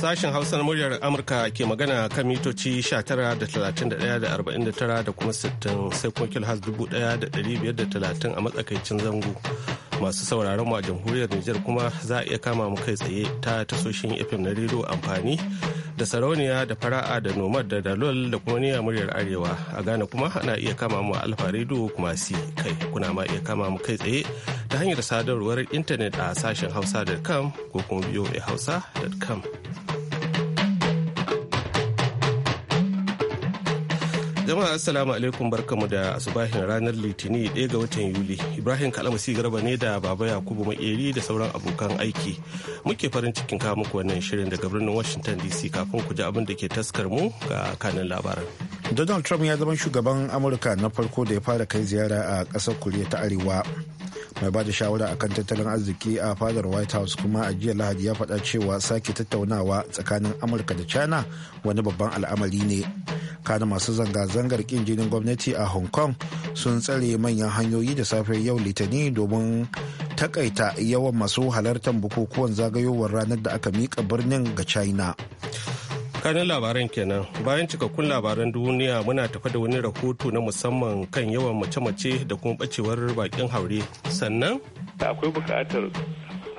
Sashen Hausa muryar Amurka ke magana kan mitoci 19.31.49 da kuma 60 sai kuma kilhas 1530 a matsakaicin zango. Masu sauraron mu a jamhuriyar Nijar kuma za a iya kama mu kai tsaye ta tasoshin FM na rediyo amfani da sarauniya da fara'a da nomad da dalol da kuma niyyar muryar arewa a gane kuma ana iya kama mu alfa rediyo kuma si kai kuna ma iya kama mu kai tsaye ta hanyar sadarwar intanet a sashen hausa.com ko kuma voahausa.com. hausa.com Jama'a assalamu alaikum barkamu da asubahin ranar Litinin daya ga watan Yuli. Ibrahim Kalamasi Garba ne da Baba Yakubu Makeri da sauran abokan aiki. Muke farin cikin kawo muku wannan shirin daga birnin Washington DC kafin ku ji abin da ke taskar mu ga kanin labaran. Donald Trump ya zama shugaban Amurka na farko da ya fara kai ziyara a ƙasar Koriya ta Arewa. mai ba da shawara akan tattalin arziki a fadar white house kuma a jiya lahadi ya faɗa cewa sake tattaunawa tsakanin amurka da china wani babban al'amari ne kana masu zanga-zangar kin jinin gwamnati a hong kong sun tsare manyan hanyoyi da safiyar yau litani domin takaita yawan masu halartar bukukuwan zagayowar ranar da aka mika birnin ga china kanin labaran kenan bayan cikakkun labaran duniya muna tafa da wani rahoto na musamman kan yawan mace-mace da kuma bacewar bakin haure sannan akwai bukatar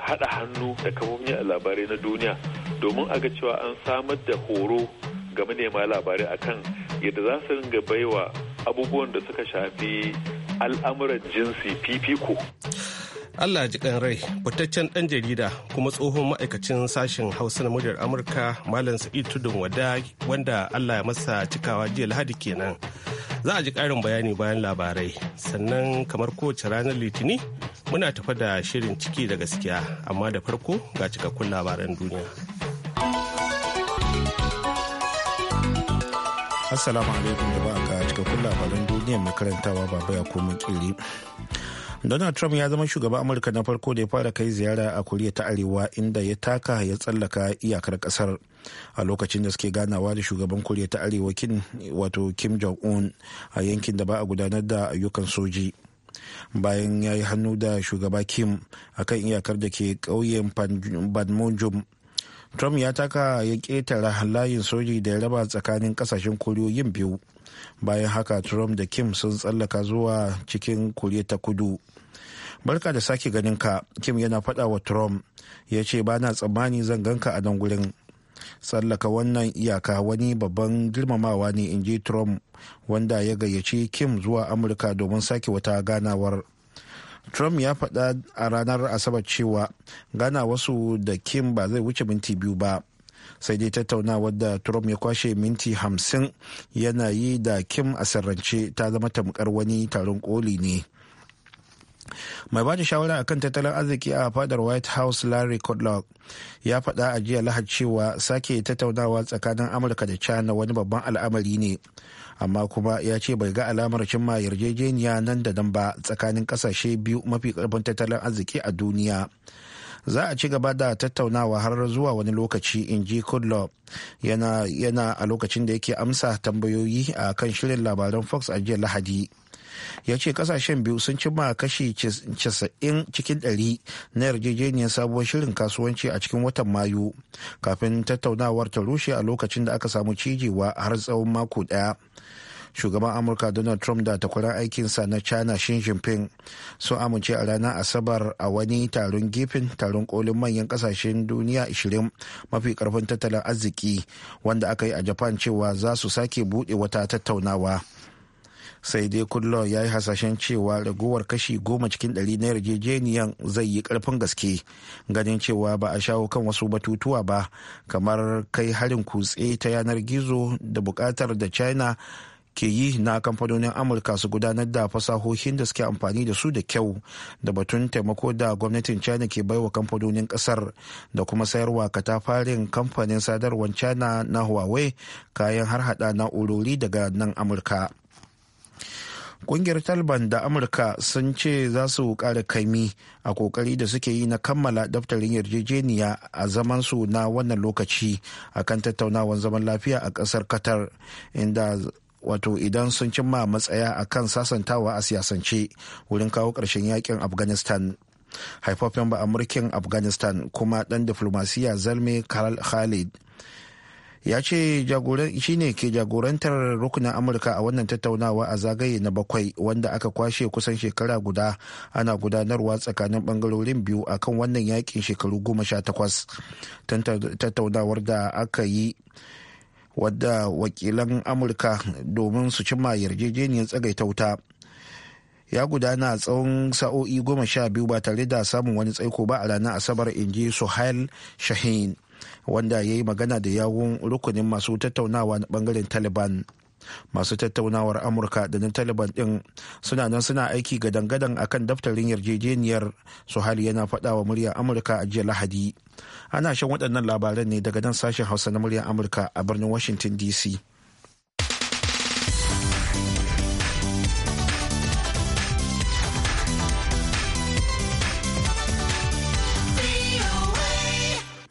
haɗa hannu da kamomin labarai na duniya domin a ga cewa an samar da horo ga manema labarai akan yadda za su ringa baiwa abubuwan da suka shafi al'amuran jinsi fifiko. Allah ji kan rai fitaccen ɗan jarida kuma tsohon ma'aikacin sashen hausa na muryar amurka malam sa'id tudun wada wanda Allah ya masa cikawa jiya lahadi kenan za a ji ƙarin bayani bayan labarai sannan kamar kowace ranar litini muna tafa da shirin ciki da gaskiya amma da farko ga cikakkun labaran duniya. Assalamu alaikum jama'a ga cikakkun labaran duniya mai karantawa baba ya komo kiri. Donald Trump ya zama shugaban Amurka na farko da ya fara kai ziyara a Koriya ta Arewa inda ya taka ya tsallaka iyakar kasar a lokacin da suke ganawa da shugaban Koriya ta Arewa kin wato Kim Jong-un a yankin da ba a gudanar da ayyukan soji. Bayan ya yi hannu da shugaba Kim a kan iyakar da ke ƙauyen badmujum trump ya taka ya ketare layin soji da ya raba tsakanin kasashen yin biyu bayan haka trump da kim sun tsallaka zuwa cikin kuri ta kudu barka da sake ganin ka kim yana faɗa wa trump ya ce ba na tsammani zan ganka a nan gurin tsallaka wannan iyaka wani babban girmamawa ne in ji trump wanda ya gayyaci kim zuwa amurka domin sake wata ganawar trump ya faɗa a ranar asabar cewa gana wasu da kim ba zai wuce minti biyu ba sai dai tattaunawa da trump ya kwashe minti hamsin yana yi da kim a sirrance ta zama tamkar wani taron koli ne mai ba da shawara akan tattalin arziki a fadar white house larry kudlow ya faɗa a jiya lahar cewa sake tattaunawa tsakanin amurka da china wani babban al'amari ne amma kuma ya ce bai ga alamar cimma yarjejeniya nan da nan ba tsakanin kasashe biyu mafi karfin tattalin arziki a duniya za a ci gaba da tattaunawa har zuwa wani lokaci in ji kudlow yana a lokacin da yake amsa tambayoyi a kan shirin labaran fox a jiya lahadi ya ce kasashen biyu sun cimma kashi 90 cikin 100 na yarjejeniyar sabuwar shirin kasuwanci a cikin watan mayu kafin tattaunawar ta rushe a lokacin da aka samu cijewa har tsawon mako daya shugaban amurka donald trump da takwarar aikinsa na china xi jinping sun amince a ranar asabar a wani taron gefen taron kolin manyan kasashen duniya 20 mafi karfin tattalin arziki wanda aka yi a japan cewa za su sake buɗe wata tattaunawa sai dai kullum ya yi hasashen cewa raguwar kashi goma cikin ɗari na yarjejeniyan zai yi karfin gaske ganin cewa ba a shawo kan wasu batutuwa ba kamar kai harin kutse ta yanar gizo da buƙatar da china ke yi na kamfanonin amurka su gudanar da fasahohin da suke amfani da su da kyau da batun taimako da gwamnatin china ke baiwa kamfanonin kasar da kuma sayarwa katafarin kamfanin sadarwar china na huawei kayan harhaɗa na'urori daga nan amurka kungiyar talban da Amurka sun ce za su kara kaimi a kokari da suke yi na kammala daftarin yarjejeniya a zaman su na wannan lokaci akan tattaunawar zaman lafiya a ƙasar Qatar inda wato idan sun cimma matsaya a kan sasantawa a siyasance wurin kawo ƙarshen yakin afghanistan haifafen ba amurkin afghanistan kuma ɗan diflomasiya zalme khalid ya ce shi ne ke jagorantar rukunin amurka a wannan tattaunawa a zagaye na bakwai wanda aka kwashe kusan shekara guda ana gudanarwa tsakanin bangarorin biyu akan wannan yakin shekaru goma sha takwas tattaunawar da aka yi wadda wakilan amurka domin su cimma yarjejeniyar tsagaita wuta ya gudana tsawon sa'o'i goma sha biyu ba tare da samun wani tsaiko ba a ranar asabar in inji suhail shahin wanda ya yi magana da yawun rukunin masu tattaunawa na bangaren taliban masu tattaunawar amurka da na taliban din suna nan suna aiki gadan-gadan akan daftarin yarjejeniyar su hali yana faɗa wa muryar amurka a jiya lahadi ana shan waɗannan labaran ne daga nan sashen hausa na muryar amurka a birnin washington dc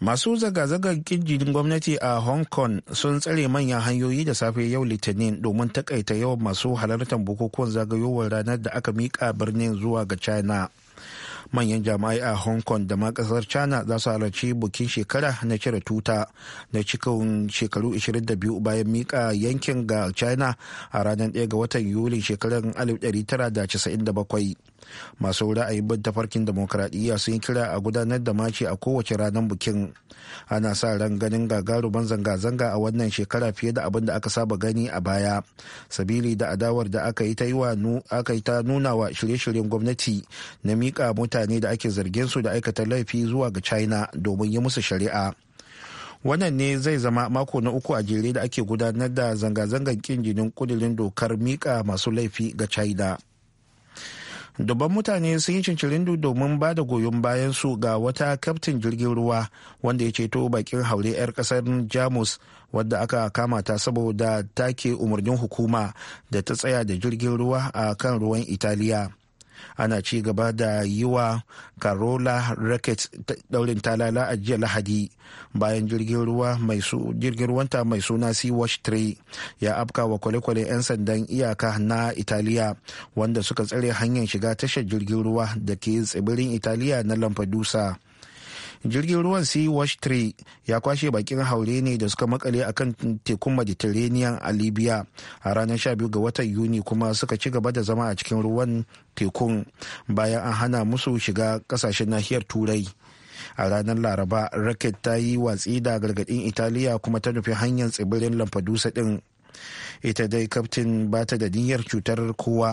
Masu zanga-zangar kirjin gwamnati a Hong Kong sun tsare manyan hanyoyi da safe yau Litinin domin takaita yawan masu halartar bukukuwan zagayowar ranar da aka mika birnin zuwa ga China. Manyan jami'ai a Hong Kong da ma ƙasar China za su halarci bukin shekara na cire tuta na cikin shekaru 22 bayan mika yankin ga China a ranar 1 ga watan yuli shekarar 1997. masu ra'ayin bin tafarkin demokradiyya sun yi kira a gudanar da maci a kowace ranar bikin ana sa ran ganin gagaruman zanga-zanga a wannan shekara fiye da abin da aka saba gani a baya sabili da adawar da aka yi ta aka yi ta nuna wa shirye-shiryen gwamnati na miƙa mutane da ake zargin su da aikata laifi zuwa ga china domin yi musu shari'a wannan ne zai zama mako na uku a jere da ake gudanar da zanga-zangar kin jinin kudirin dokar miƙa masu laifi ga china dubban mutane sun yi cincirindu domin ba da goyon bayan su ga wata kaftin jirgin ruwa wanda ya ceto bakin haure 'yar kasar jamus wadda aka kama ta saboda take umarnin hukuma da ta tsaya da jirgin ruwa a kan ruwan italiya ana ci gaba da yi wa carola racket daurin talala a jiya lahadi bayan jirgin ruwanta mai suna sea watch 3 ya afka wa kwale-kwale 'yan sandan iyaka na italiya wanda suka tsare hanyar shiga tashar jirgin ruwa da ke tsibirin italiya na lampedusa jirgin ruwan sea watch 3 ya kwashe bakin haure ne da suka makale kan tekun mediterranean a libya a ranar 12 ga watan yuni kuma suka ci gaba da zama a cikin ruwan tekun bayan an hana musu shiga kasashen nahiyar turai a ranar laraba racket ta yi watsi da gargadin italiya kuma ta nufi hanyar tsibirin lamfadusa din ita dai kaftin ba ta da niyyar cutar kowa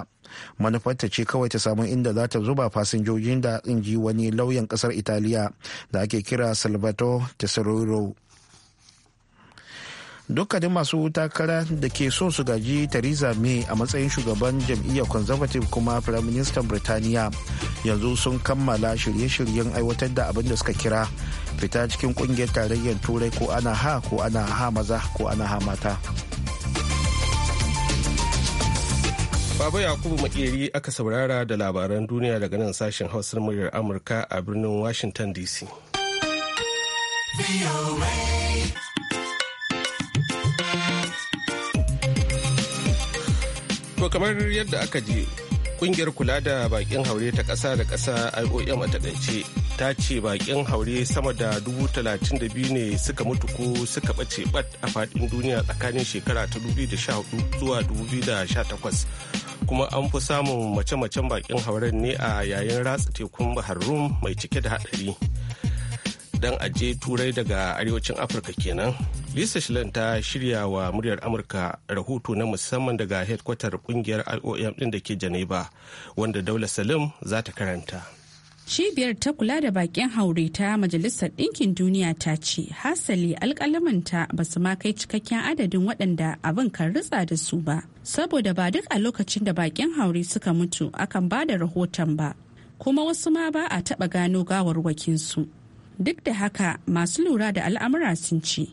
manufarta ce kawai ta samu inda za ta zuba fasinjojin da inji wani lauyan kasar italiya da ake kira salvatore tesoro dukkanin masu takara da ke son su gaji theresa may a matsayin shugaban jam'iyyar conservative kuma prime minister birtaniya yanzu sun kammala shirye-shiryen aiwatar da abin da suka kira fita cikin kungiyar tarayyar turai ko ana ha ko ana ha maza ko ana ha mata Baba Yakubu Makeri aka saurara da labaran duniya daga nan sashen hausar muryar Amurka a birnin Washington DC. To kamar yadda aka ji kungiyar kula da bakin haure ta kasa da kasa IOM a takaice ta ce bakin haure sama da dubu talatin da biyu ne suka mutu ko suka bace bat a fadin duniya tsakanin shekara ta 2014 zuwa 2018 kuma an fi samun mace-macen bakin hauren ne a yayin ratsa tekun bahar mai cike da haɗari. dan aje turai daga arewacin afirka kenan lisa shilin ta shirya wa muryar amurka rahoto na musamman daga hedkwatar kungiyar iom din da ke janeba wanda daula salim za ta karanta cibiyar ta kula da bakin haure ta majalisar ɗinkin duniya ta ce hasali alƙalamanta ba su ma kai cikakken adadin waɗanda abin kan ritsa da su ba saboda ba duk a lokacin da bakin haure suka mutu akan ba da rahoton ba kuma wasu ma ba a taɓa gano gawarwakinsu duk da haka masu lura da al'amura sun ce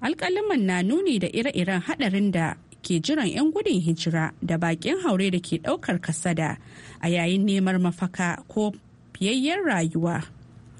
alkaliman na nuni da ire-iren hadarin da ke jiran 'yan gudun hijira da bakin haure da ke daukar kasada a yayin neman mafaka ko fiyayyen rayuwa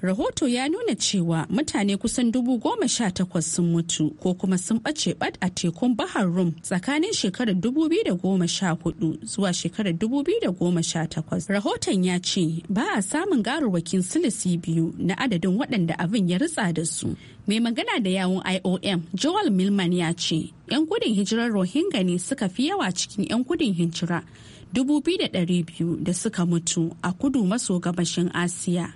rahoto ya nuna cewa mutane kusan dubu goma sha takwas sun mutu ko kuma sun ɓace ɓad a tekun bahar rum tsakanin shekarar dubu biyu da goma sha hudu zuwa shekarar dubu biyu da goma sha takwas rahoton ya ce ba a samun garurwakin silisi biyu na adadin waɗanda abin ya ritsa da su mai magana da yawun iom joel milman ya ce 'yan gudun hijirar rohingya ne suka fi yawa cikin 'yan gudun hijira dubu biyu da suka mutu a kudu maso gabashin asiya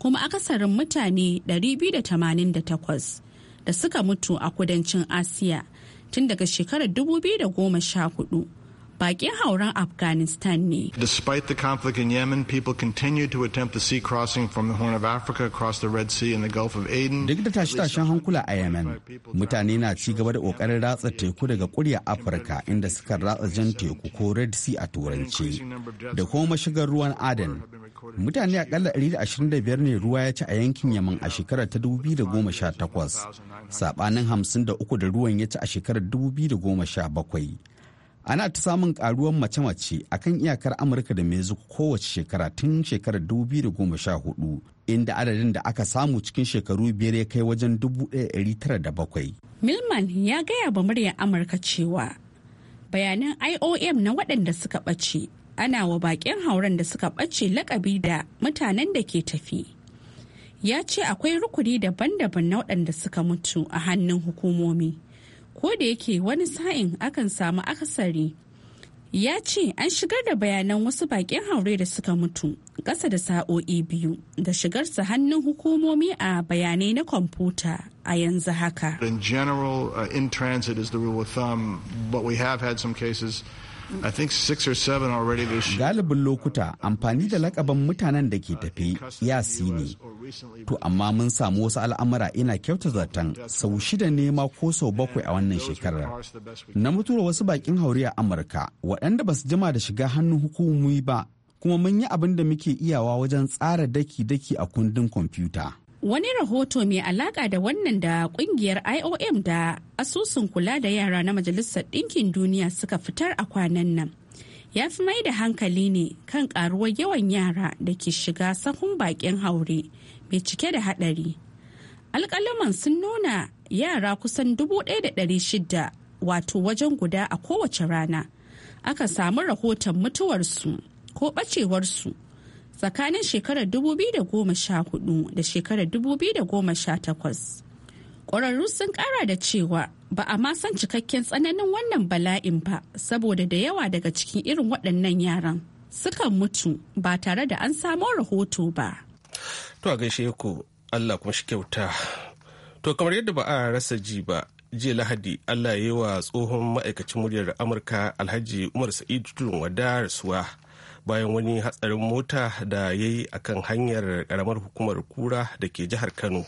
kuma akasarin mutane 288 da suka mutu a kudancin asiya tun daga shekarar 2014 bakin hauren Afghanistan ne. Despite the conflict in Yemen, people continue to attempt the sea crossing from the Horn of Africa across the Red Sea and the Gulf of Aden. Duk da tashe-tashen hankula a Yemen, mutane na ci gaba da kokarin ratsa teku daga a Afirka inda suka ratsa jan teku ko Red Sea a turanci da kuma mashigar ruwan Aden. Mutane akalla 125 ne ruwa ya ci a yankin Yemen a shekarar ta 2018, sabanin 53 da ruwan ya ci a shekarar 2017. ana ta samun karuwan mace-mace a kan iyakar amurka da mexico kowace shekara tun shekarar 2014 inda adadin da aka samu cikin shekaru biyar ya kai wajen 1907 milman ya gaya ba muryar amurka cewa bayanan iom na waɗanda suka ɓace ana wa baƙin hauren da suka ɓace lakabi da mutanen da ke tafi ya ce akwai rukuni daban-daban na waɗanda suka mutu a hannun hukumomi ko da yake wani sa'in akan samu akasari ya ce an shigar da bayanan wasu bakin haure da suka mutu ƙasa da sa'o'i biyu da shigar shigarsa hannun hukumomi a bayanai na kwamfuta a yanzu haka. In general, uh, in transit is the rule of but we have had some cases I think six or seven already this year. Galibin lokuta amfani da lakaban mutanen da ke tafe yasi ne. To amma mun samu wasu al'amura ina kyauta zaton sau shida ne ma ko sau bakwai a wannan shekarar. Na mutuwa wasu bakin hauri a Amurka waɗanda ba su jima da shiga hannun hukumomi ba kuma mun yi abin da muke iyawa wajen tsara daki-daki a kundin kwamfuta. Wani rahoto mai alaƙa da wannan da ƙungiyar IOM da asusun kula da yara na Majalisar Ɗinkin Duniya suka fitar a kwanan nan. Ya fi mai da hankali ne kan ƙaruwar yawan yara da ke shiga sahun baƙin haure mai cike da haɗari. Alƙalaman sun nuna yara kusan dubu da shida wato wajen guda a kowace rana. Aka samu rahoton mutuwarsu ko ɓacewarsu tsakanin shekarar 2014 da shekarar 2018. Ƙwararru sun ƙara da cewa ba a ma san cikakken tsananin wannan bala'in ba saboda da yawa daga cikin irin waɗannan yaran sukan mutu ba tare da an samo rahoto ba. To a gaishe ku Allah kuma shi kyauta. To kamar yadda ba a rasa ji ba jiya lahadi allah ya yi wa tsohon ma'aikacin muryar amurka alhaji umar sa'idu Tulun wada rasuwa bayan wani hatsarin mota da ya yi a kan hanyar karamar hukumar kura da ke jihar kano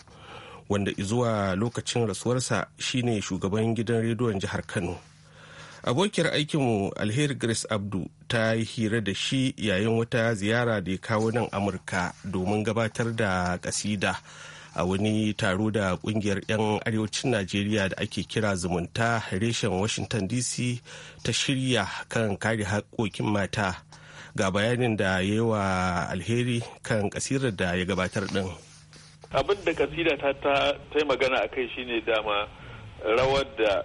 wanda zuwa lokacin rasuwarsa shine shugaban gidan rediyon jihar kano abokiyar aikinmu alheri grace abdu ta yi hira da shi yayin wata ziyara da ya kawo nan amurka domin gabatar da kasida a wani taro da kungiyar 'yan arewacin najeriya da ake kira zumunta reshen washington dc ta shirya kan kare haƙoƙin mata ga bayanin da ya yi wa alheri kan kasirar da ya gabatar din abin da kasida ta ta yi magana a kai shine dama rawar da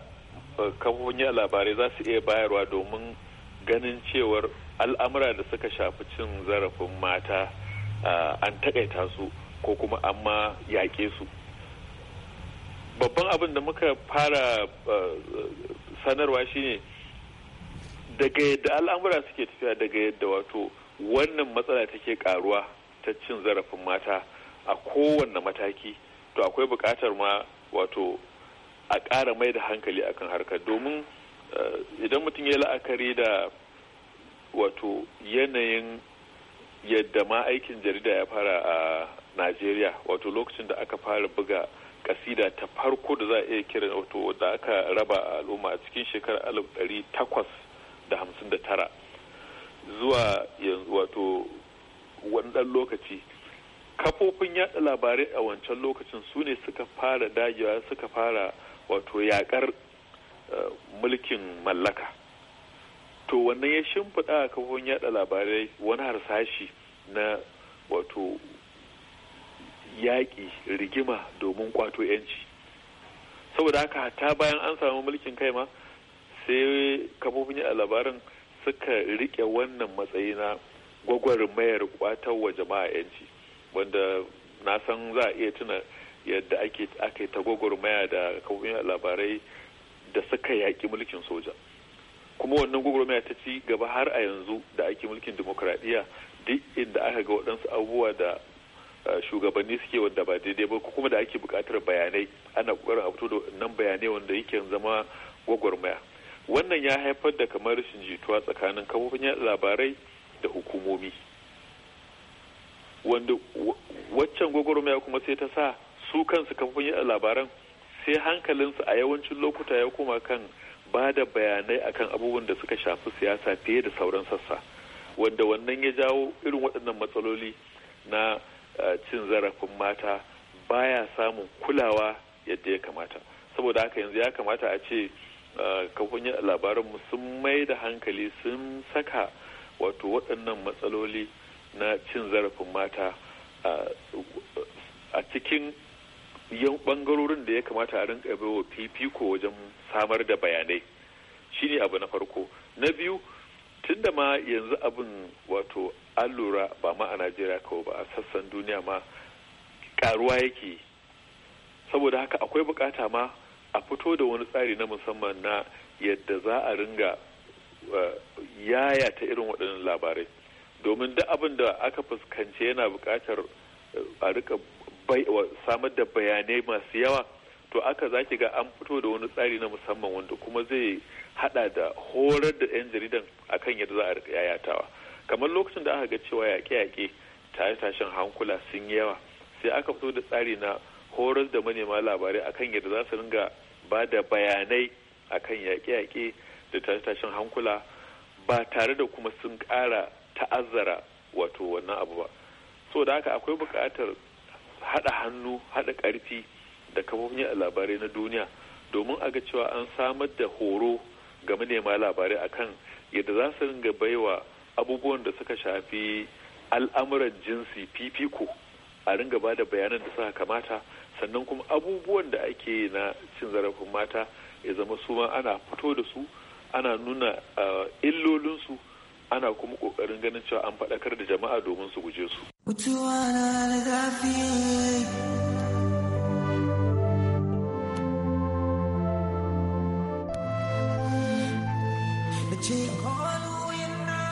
uh, kafofin labarai za su iya bayarwa domin ganin cewar al'amura da suka shafi cin zarafin mata uh, an takaita su ko kuma amma yaƙe su babban abin da muka fara uh, sanarwa shine daga yadda al'amura suke tafiya daga yadda wato wannan matsala take karuwa ta cin zarafin mata a kowanne mataki to akwai bukatar ma wato a ƙara mai da hankali akan harka domin eh, idan mutum ya la'akari da wato yanayin yadda ma aikin jarida ya fara a najeriya wato lokacin da aka fara buga kasida ta farko da za a iya kira wato da aka raba al'umma a cikin shekarar alif ɗari takwas da hamsin da tara zuwa yanzu wato wani ɗan lokaci kafofin yada labarai a wancan lokacin su ne suka fara dagewa suka fara wato yakar eh, mulkin mallaka to wannan ya shimfiɗa a kafofin yada labarai wani harsashi na wato yaƙi rigima domin kwato 'yanci saboda haka hata bayan an samu mulkin kai ma sai kafofin a labarin suka rike wannan matsayi na gwagwarmayar kwatar wa jama'a yanci wanda na san za a iya tuna yadda ake yi ta gwagwarmaya da kafofin labarai da suka yaƙi mulkin soja kuma wannan gwagwarmaya ta ci gaba har a yanzu da ake mulkin demokradiyya duk inda aka ga waɗansu abubuwa da eh, shugabanni suke wanda ba daidai ba kuma da ake bukatar bayanai ana ƙoƙarin a fito da nan bayanai wanda yake zama gwagwarmaya wannan ya haifar da kamar rashin jituwa tsakanin kamfanin yaɗa labarai da hukumomi wanda waccan gwagwarmaya kuma sai ta sa su kansu kamfanin yaɗa labaran sai hankalinsu a yawancin lokuta ya koma kan ba da bayanai akan abubuwan da suka shafi siyasa fiye da sauran sassa wanda wannan ya jawo irin waɗannan matsaloli na eh, cin zarafin mata baya samun kulawa yadda ya kamata saboda haka yanzu ya kamata a ce kafofin labaran mu sun mai da hankali sun saka wato waɗannan matsaloli na cin zarafin mata a cikin yan ɓangarorin da ya kamata a rinka baiwa fifiko wajen samar da bayanai shi ne abu na farko na biyu tun da ma yanzu abin wato allura lura ba ma a najeriya kawai ba a sassan duniya ma karuwa yake saboda haka akwai bukata ma a fito da wani tsari na musamman na yadda za a ringa eh, yaya ta irin waɗannan labarai domin duk abin da aka fuskanci yana buƙatar eh, a rika samar da bayanai masu yawa to aka zaki ga an fito da wani tsari na musamman wanda kuma zai hada da horar da 'yan jaridan akan yadda za a rika yayatawa kamar lokacin da aka ga cewa yaƙe-yaƙe tare tashin hankula sun yawa sai aka fito da tsari na horar da manema labarai akan yadda za su ringa ba da bayanai akan yaƙe-yaƙe da tashin hankula ba tare da kuma sun ƙara ta'azzara wato wannan abu ba so da haka akwai buƙatar haɗa hannu haɗa ƙarfi da kafofin a labarai na duniya domin a ga cewa an samar da horo ga manema labarai akan yadda za su ringa baiwa abubuwan da suka shafi al'amuran jinsi fifiko a ringa ba da bayanan da suka kamata sannan kuma abubuwan da ake na cin zarafin mata ya zama su ma ana fito da su ana nuna illolinsu ana kuma kokarin ganin cewa an faɗakar da jama'a domin su guje su.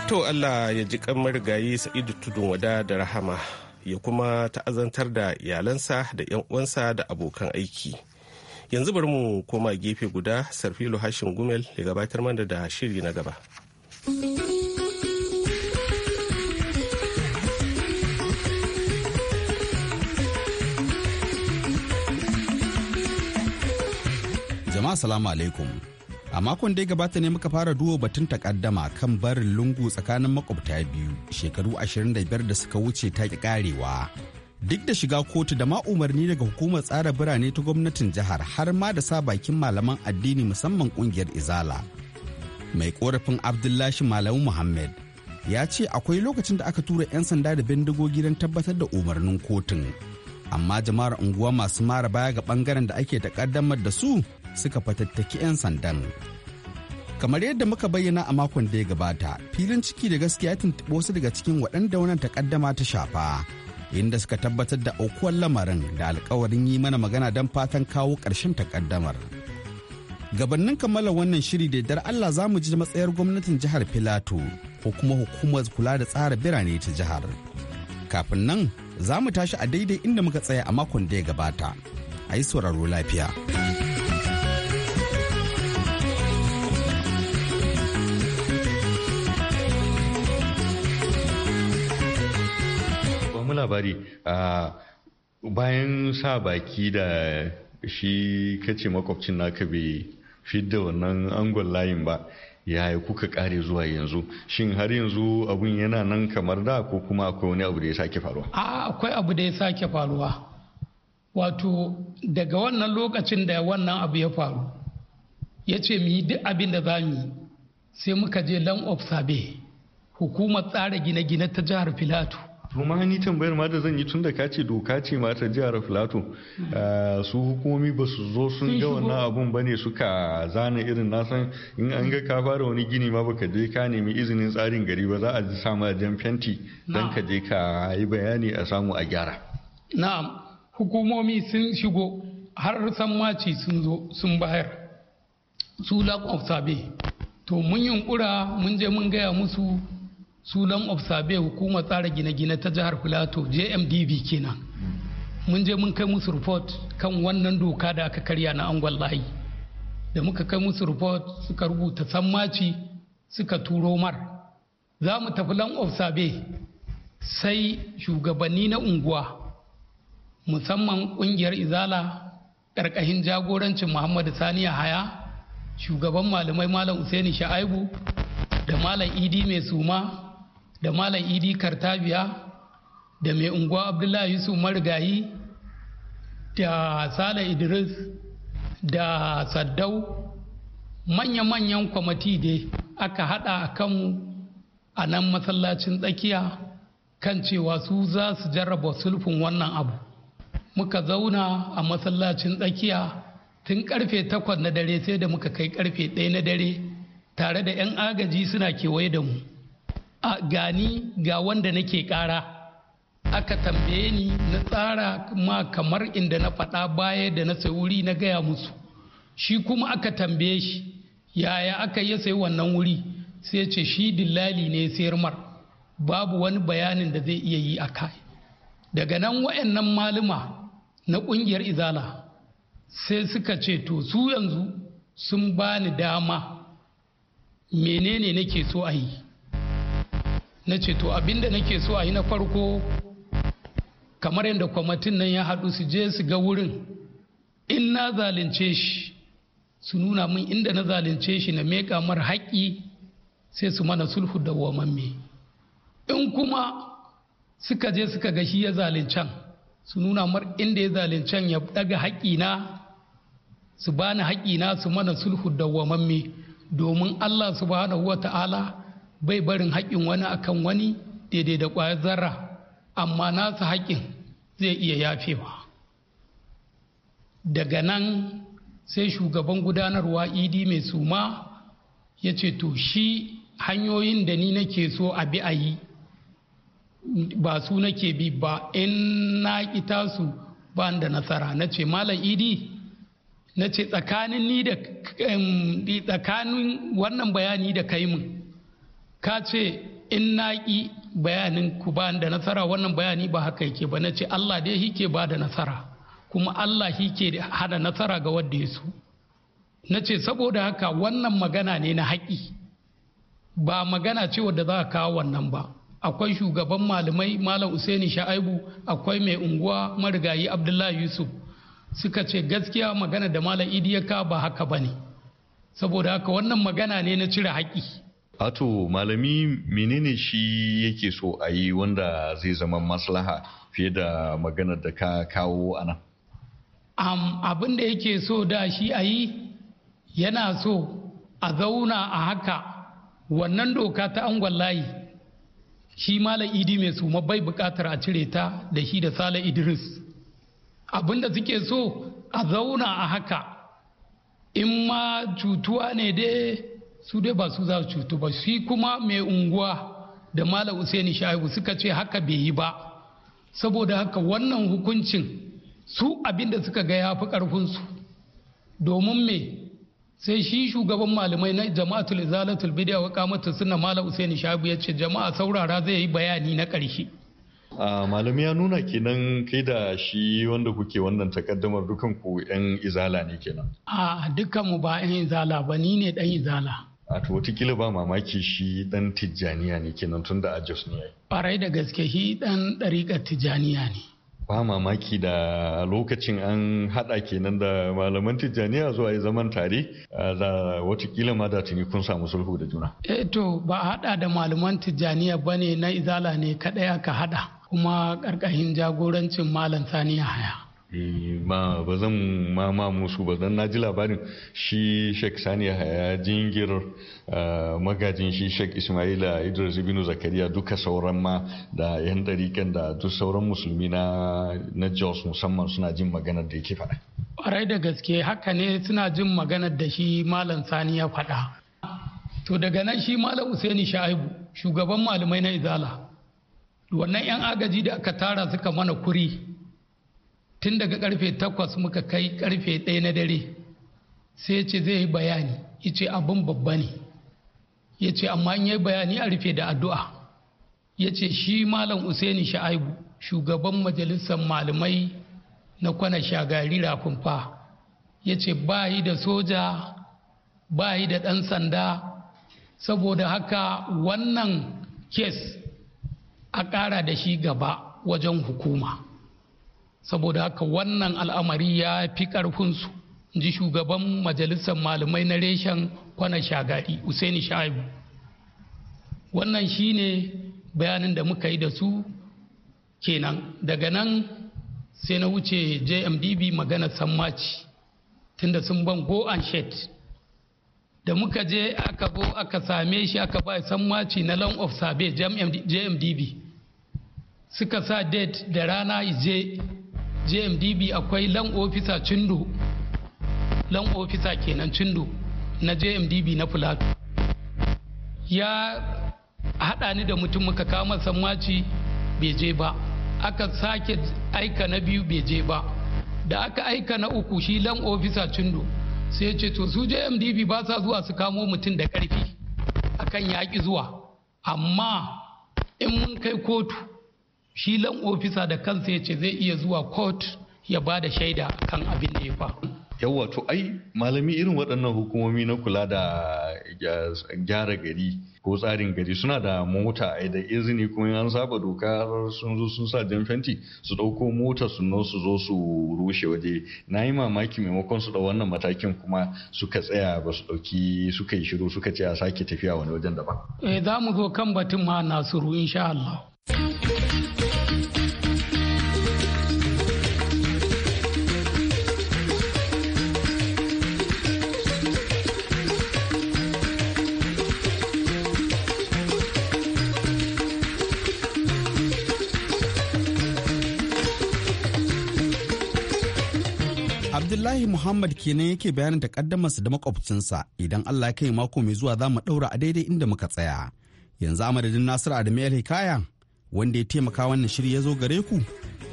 To Allah ya ji kamar gayi sa'idu tudun wada da rahama. ya kuma ta'azantar da iyalansa da 'yan uwansa da abokan aiki yanzu bari mu koma gefe guda sarfilo hashin gumel ya gabatar mana da shiri na gaba jama'a salamu alaikum a makon da ya gabata ne muka fara duwa batun takaddama kan barin lungu tsakanin makwabta biyu shekaru 25 da suka wuce ta ki karewa duk da shiga kotu da ma umarni daga hukumar tsara birane ta gwamnatin jihar har ma da sa bakin malaman addini musamman kungiyar izala mai korafin abdullahi malamu muhammad ya ce akwai lokacin da aka tura 'yan sanda da bindigogi don tabbatar da umarnin kotun amma jama'ar unguwa masu mara baya ga bangaren da ake takaddamar da su suka fatattaki 'yan sandan. Kamar yadda muka bayyana a makon da ya gabata, filin ciki da gaskiya ya tuntuɓi wasu daga cikin waɗanda wannan takaddama ta shafa, inda suka tabbatar da aukuwar lamarin da alkawarin yi mana magana don fatan kawo ƙarshen takaddamar. gabannin kammala wannan shiri da dar Allah za mu ji matsayar gwamnatin jihar Filato ko kuma hukumar kula da tsara birane ta jihar. Kafin nan za mu tashi a daidai inda muka tsaya a makon da ya gabata. A yi sauraro lafiya. a bayan sa baki da shi kace makwabcin naka bai fidda wannan angon layin ba yi kuka kare zuwa yanzu shin har yanzu abun yana nan kamar da ko kuma akwai wani abu da ya sake faruwa a akwai abu da ya sake faruwa wato daga wannan lokacin da wannan abu ya faru ya ce mu yi duk abin da za mu yi sai muka je lan of sabe hukumar tsara gine-gine ta jihar filatu. kuma ni tambayar ma da zan yi tun da kace doka ce ma ta jihar Filato mm-hmm. ah, su hukumomi ba su zo sun ga wannan abun ne suka zana irin nasan in an ga ka fara wani gini ma baka je ka nemi izinin tsarin gari ba za a ji samu jan fenti dan ka je ka yi bayani a samu a gyara na'am hukumomi sun shigo har maci sun zo sun bayar su lack of to mun yunkura mun je mun gaya musu sunan obsabe hukumar tsara gine-gine ta jihar filato jmdb kenan mun je mun kai musu report kan wannan doka da aka karya na angon layi da muka kai musu report suka rubuta sammaci suka turo mar za mu tafi lan obsabe sai shugabanni na unguwa musamman kungiyar izala ƙarƙashin jagorancin muhammadu saniya haya shugaban malamai malam usaini sha'aibu da malam idi mai suma da malam idi kartabiya da mai unguwa abdullahi yusuf marigayi da sale idris da saddau manya-manyan kwamati da aka hada a kanmu a nan masallacin tsakiya kan cewa su za su jarraba sulfin wannan abu muka zauna a masallacin tsakiya tun karfe takwas na dare sai da muka kai karfe ɗaya na dare tare da 'yan agaji suna kewaye da mu a gani ga wanda nake ƙara aka tambaye ni na tsara ma kamar inda na faɗa baya da na sai wuri na gaya musu shi kuma aka tambaye shi yaya aka yi sai wannan wuri sai ce shi dillali ne sayar mar babu wani bayanin da zai iya yi a kai daga nan wayannan maluma na ƙungiyar izala sai suka ce to su yanzu sun bani dama menene nake so a yi na ce to abinda nake so a yi na farko kamar yadda kwamitin nan ya haɗu su je su ga wurin in na zalunce shi su nuna min inda na zalunce shi na meka mar haƙƙi sai su mana sulhu da wamamme in kuma suka je suka ga shi ya zaluncan su nuna mar inda ya zaluncan ya ɗaga haƙƙina su bani haƙƙina su mana sulhu da wamamme domin allah subhanahu wa ta'ala bai barin haƙƙin wani akan wani daidai da ƙwayar zarra amma nasa haƙƙin zai iya yafewa daga nan sai shugaban gudanarwa idi e mai suma ya ce to shi hanyoyin da ni nake so a bi a yi ba su nake bi ba in na kita su ba da nasara na ce malam idi e na ce tsakanin ni da tsakanin wannan bayani da kai mun ka ce in na ƙi bayanin ku ba da nasara wannan bayani ba haka yake ba na ce Allah dai shi ke ba da nasara kuma Allah shi ke hada nasara ga wadda ya su na ce saboda haka wannan magana ne na haƙi ba magana ce wadda za a kawo wannan ba akwai shugaban malamai malam usaini sha'aibu akwai mai unguwa marigayi abdullahi yusuf suka ce gaskiya magana da malam idi ya ka ba haka ba ne saboda haka wannan magana ne na cire haƙi Ato malami menene shi yake so a yi wanda zai zama maslaha fiye da maganar da ka kawo a nan? Abin da yake so da shi a yi yana so a zauna a haka wannan doka ta angon layi shi malam idi mai suma bai bukatar a cire ta da shi da sala idris abin da suke so a zauna a haka in ma cutuwa ne dai su dai ba su za su cutu ba shi kuma mai unguwa da malam Usaini Shaibu suka ce haka bai yi ba saboda haka wannan hukuncin su abinda suka ga ya fi karfinsu domin me sai shi shugaban malamai na jama'atul izalatul Bidiya, wa kamata suna malam Usaini Shaibu ya ce jama'a saurara zai yi bayani na karshe a malami ya nuna kenan kai da shi wanda kuke wannan takaddamar dukan ku yan izala ne kenan a uh, ba yan izala ba ni ne dan izala a to watakila ba mamaki shi dan tijjaniya ne kenan tun da ajos ne Barai da gaske shi dan ɗariƙar tijjaniya ne ba mamaki da lokacin an hada kenan da malaman tijjaniya zuwa yi zaman tare da watakila ma da tuni kun samu sulhu da juna eh to ba a hada da malaman tijjaniya ba ne na izala ne kadai aka hada kuma karkashin jagorancin malam saniya haya ba eh, ba zan mama musu ba zan naji labarin shi Sheik Sani Haya jingir eh, magajin shi Sheikh Ismaila Idris ibn Zakariya duka sauran ma da yan dariƙan da duk sauran musulmi na na Jos musamman suna jin maganar da yake faɗa. Kwarai da gaske haka ne suna jin maganar da shi Malam Sani ya faɗa. To daga nan shi Malam Usaini Shaibu shugaban malamai na Izala. Wannan 'yan agaji da aka tara suka mana kuri tun daga karfe takwas muka kai karfe ɗaya na dare sai ce zai yi bayani ya ce abin babba ne ya ce amma in yi bayani a rufe da addu'a ya ce shi malam usaini sha'aibu shugaban majalisar malamai na kwana shagari rafinfa ya ce ba yi da soja ba yi da ɗan sanda saboda haka wannan kes a ƙara da shi gaba wajen hukuma saboda haka wannan al'amari ya fi ƙarfinsu ji shugaban majalisar malamai na reshen kwana shagari usaini shaibu wannan shine bayanin da muka yi da su kenan daga nan sai na wuce jmdb magana sammaci tunda sun ban go and shed da muka je aka zo aka same shi aka ba sammaci na long of sabe jmdb suka sa date da rana je jmdb akwai lan ofisa cindo lan ofisa kenan cindo na jmdb na filato ya haɗa ni da mutum muka kama sammaci bai je ba aka sake aika na biyu bai je ba da aka aika na uku shi lan ofisa cindo sai ce to su jmdb ba sa zuwa su kamo mutum da ƙarfi akan yaƙi zuwa amma in mun kai kotu shi lan ofisa da kansa ya ce zai iya zuwa court ya ba da shaida kan abin da ya faru yawa to ai malami irin waɗannan hukumomi na kula da gyara gari ko tsarin gari suna da mota ai da izini kuma an saba doka sun zo sun sa jan fenti su ɗauko mota su nan su zo su rushe waje na yi mamaki maimakon su da wannan matakin kuma suka tsaya ba su ɗauki suka yi shiru suka ce a sake tafiya wani wajen daban. Eh, za mu zo kan batun ma nasiru insha Allah. Abdullahi Muhammad kenan yake bayanin takaddamarsa da makwabcinsa idan Allah ya kai mako mai zuwa za mu ɗaura a daidai inda muka tsaya. Yanzu a madadin Nasir Adamu Hikaya wanda ya taimaka wannan shiri ya zo gare ku.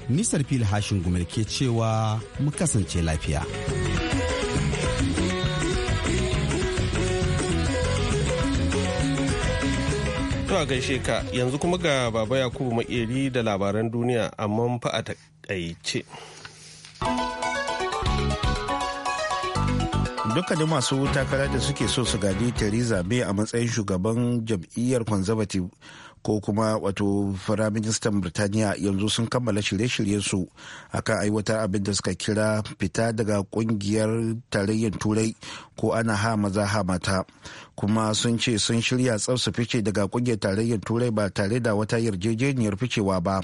Nisar fili hashin gumar ke cewa mu kasance lafiya. Zuwa gaishe ka yanzu kuma ga Baba Yakubu Makeri da labaran duniya amma fa a takaice. dukkanin masu takara da suke so su gadi theresa may a matsayin shugaban jam'iyyar conservative ko kuma wato firaministan birtaniya yanzu sun kammala shirye-shiryensu shiryen akan aiwatar abin da suka kira fita daga kungiyar tarayyar turai ko ana ha maza ha mata kuma sun ce sun shirya tsaf fice daga kungiyar tarayyar turai ba tare da wata yarjejeniyar ficewa ba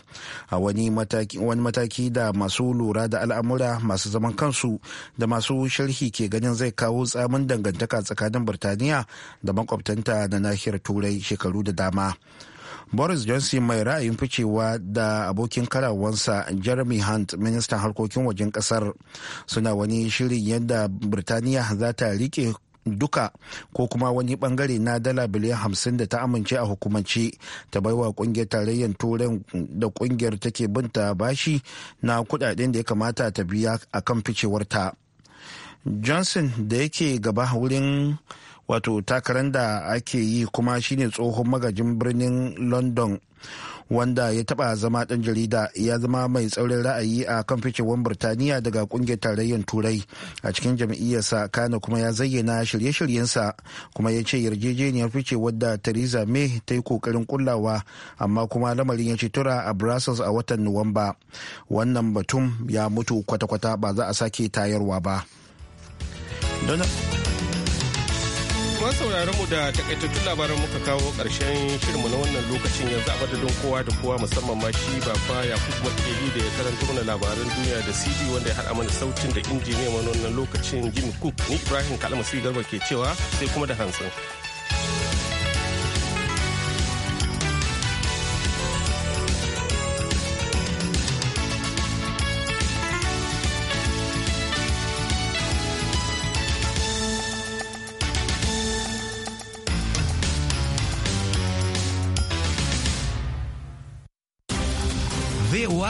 a wani mataki da masu lura da al'amura masu zaman kansu da masu sharhi ke ganin zai kawo tsamin dangantaka tsakanin birtaniya da makwabtanta da nahiyar turai shekaru da dama boris johnson mai ra'ayin ficewa da abokin karawansa jeremy hunt ministan harkokin wajen kasar suna wani shirin yadda birtaniya za ta rike duka ko kuma wani bangare na dala biliyan hamsin da ta amince a hukumance ta baiwa kungiyar tarayyar turai da kungiyar take binta bashi na kudaden da ya kamata ta biya a kan ficewarta johnson da yake gaba wurin wato takarar da ake yi kuma shine tsohon magajin birnin london wanda ya taba zama dan jarida ya zama mai tsaurin ra'ayi a kan ficewar birtaniya daga kungiyar tarayyar turai a cikin jam'iyyarsa kana kuma ya zayyana shirye-shiryensa kuma ya ce yarjejeniyar ficewar da theresa may ta yi kokarin kullawa amma kuma lamarin ya ce tura a brussels a watan nuwamba wannan batun ya mutu kwata-kwata ba za a sake tayarwa ba. sauran sauraron mu da takaitattun labaran muka kawo karshen mu na wannan lokacin yanzu a madadin kowa da kowa musamman ma shi ba fa ya kuma keli da ya karanta mana labaran duniya da cd wanda ya haɗa mana sautin da injiniya mana wannan lokacin jimmy cook ni ibrahim kalmasi garba ke cewa sai kuma da hantsin.